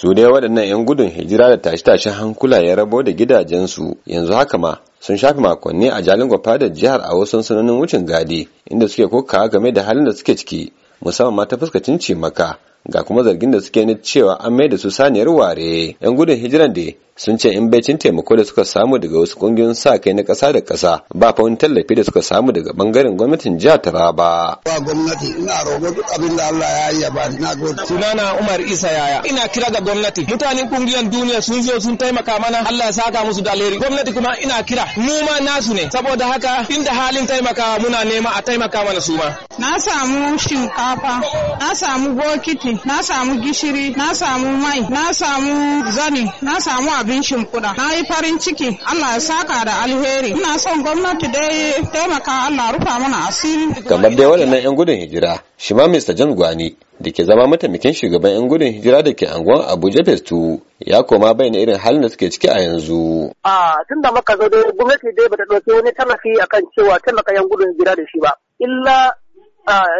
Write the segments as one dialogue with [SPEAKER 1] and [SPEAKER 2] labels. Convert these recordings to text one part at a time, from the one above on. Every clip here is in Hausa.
[SPEAKER 1] su ne waɗannan 'yan gudun hijira da tashe-tashen hankula ya rabo da gidajensu yanzu haka ma sun shafi makonni a jalin gwafa da jihar a wasu sansanonin wucin gadi inda suke kokawa game da halin da suke ciki musamman ma ta fuskacin cimaka ga kuma zargin da suke na cewa an mai da su saniyar ware yan gudun hijiran da sun ce in baicin taimako da suka samu daga wasu kungiyoyin sa kai na kasa da kasa ba fa wani tallafi da suka samu daga bangaren gwamnatin jihar Taraba.
[SPEAKER 2] Ba gwamnati ina rogo duk abin da Allah ya yi ba ina gode. Sunana Umar Isa yaya ina kira ga gwamnati mutanen kungiyar duniya sun zo sun taimaka mana Allah ya saka musu da alheri gwamnati kuma ina kira mu ma nasu ne saboda haka inda halin taimaka muna nema a taimaka mana su ma.
[SPEAKER 3] Na samu shinkafa na samu bokiti na samu gishiri na samu mai na samu zani na samu abin shimfiɗa na yi farin ciki Allah ya saka da alheri ina son gwamnati dai taimaka Allah rufa mana asiri
[SPEAKER 1] kamar dai waɗannan 'yan gudun hijira shi ma Mr. John Gwani da ke zama mataimakin shugaban 'yan gudun hijira da ke anguwan Abuja Festu ya koma bayan irin halin da suke ciki a yanzu.
[SPEAKER 3] A tun da muka zo dai gwamnati dai bata ɗauki wani tallafi akan cewa taimaka 'yan gudun hijira da shi ba. Illa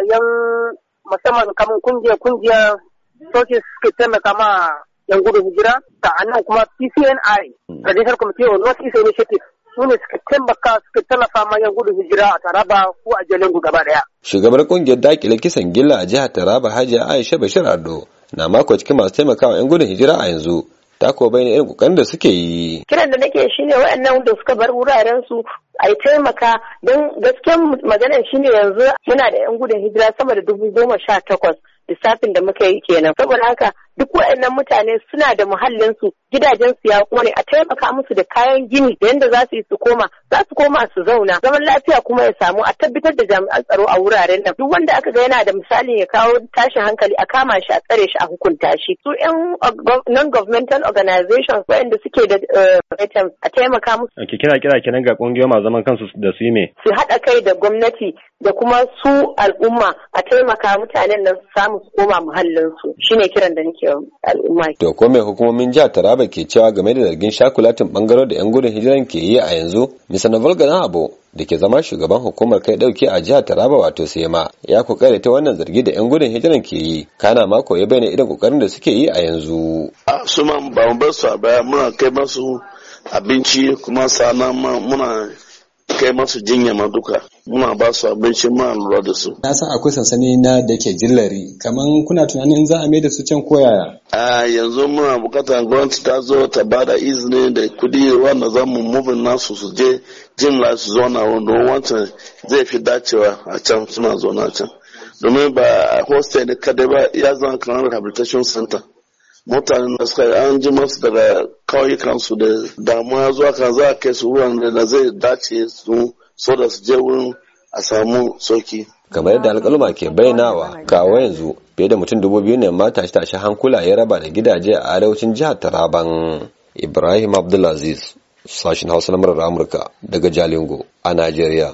[SPEAKER 3] yan musamman kamar kungiya kungiya soke suke taimaka ma yan gudun hijira annan kuma PCNI hmm. Traditional Committee on North East Initiative su ne suke taimaka suka tallafa ma yan gudun hijira a Taraba ko a Jalingu gaba daya.
[SPEAKER 1] Shugabar kungiyar dakile kisan gilla a jihar Taraba Hajiya Aisha Bashir Ado na mako cikin masu taimakawa yan gudun hijira a yanzu ta ko bayyana irin kokarin da suke yi
[SPEAKER 3] kiran da nake shine waɗannan da suka bar wuraren su a taimaka don gasken maganar shine yanzu muna da yan gudun hijira sama da dubu goma sha takwas lissafin da muka yi kenan saboda haka duk waɗannan mutane suna da muhallinsu gidajensu ya ne a taimaka musu da kayan gini da yadda za su yi su koma za su koma su zauna zaman lafiya kuma ya samu a tabbatar da jami'an tsaro a wuraren nan duk wanda aka ga yana da misalin ya kawo tashin hankali a kama shi a tsare shi a hukunta shi su yan uh, non governmental organizations waɗanda suke da uh, items a taimaka musu.
[SPEAKER 1] Ki kira kira kenan ga kungiyoyi masu zaman kansu da su yi me?
[SPEAKER 3] Su haɗa kai da gwamnati da kuma su al'umma a taimaka mutanen nan su samu su koma muhallinsu shine kiran da nake lafiyar al'umma.
[SPEAKER 1] To ko mai hukumomin jihar Taraba ke cewa game da zargin shakulatin bangaro da 'yan gudun hijiran ke yi a yanzu? Mr. Navalgana abu da ke zama shugaban hukumar kai dauke a jihar Taraba wato Sema ya kokare ta wannan zargi da 'yan gudun hijiran ke yi kana mako ya bayyana irin kokarin da suke yi a yanzu.
[SPEAKER 2] A su ma ba mu bar su a baya muna kai masu abinci kuma sana muna kai masu jinya ma duka muna ba su abinci muna lura da su.
[SPEAKER 1] Na san akwai sansani na da ke jillari kamar kuna tunanin za a mai da su can koyaya.
[SPEAKER 2] A yanzu muna bukatar gwamnati ta zo ta ba da izini da kudi wanda za mu mubin nasu su je jin su zo na wanda wancan zai fi dacewa a can suna zo na can. Domin ba hostel ne kadai ba ya zama kamar rehabilitation center. mutanen da suka an ji masu daga kansu da damuwa zuwa kan za a kai su ruwan da zai dace su so da su je wurin a samu sauki.
[SPEAKER 1] kamar yadda alƙaluma ke bayyanawa kawo yanzu fiye da mutum dubu biyu ne ma tashi tashi hankula ya raba da gidaje a arewacin jihar taraban ibrahim abdulaziz sashen hausa na murar amurka daga jalingo a najeriya